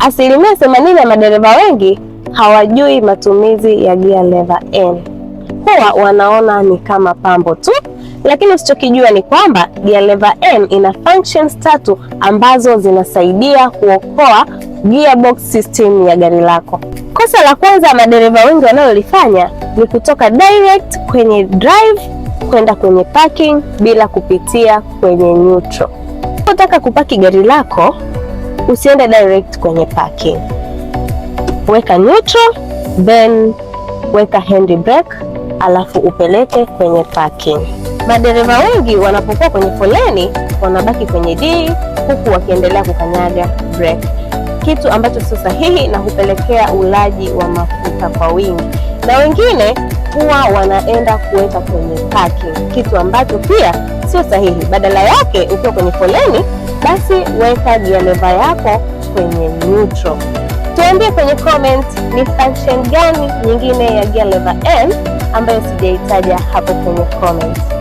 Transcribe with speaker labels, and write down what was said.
Speaker 1: Asilimia themanini ya madereva wengi hawajui matumizi ya gia lever N. Huwa wanaona ni kama pambo tu, lakini usichokijua ni kwamba gia lever N ina functions tatu ambazo zinasaidia kuokoa gearbox system ya gari lako. Kosa la kwanza madereva wengi wanalolifanya ni kutoka direct kwenye drive kwenda kwenye parking bila kupitia kwenye neutral. Unapotaka kupaki gari lako usiende direct kwenye parking. Weka neutral, then weka hand brake, alafu upeleke kwenye parking. Madereva wengi wanapokuwa kwenye foleni wanabaki kwenye D huku wakiendelea kukanyaga brake, kitu ambacho sio sahihi na hupelekea ulaji wa mafuta kwa wingi, na wengine huwa wanaenda kuweka kwenye parking, kitu ambacho pia sio sahihi. Badala yake ukiwa kwenye foleni basi weka jia yako kwenye neutral. Tuambie kwenye comment ni function gani nyingine ya gia N ambayo sijaitaja hapo kwenye comment.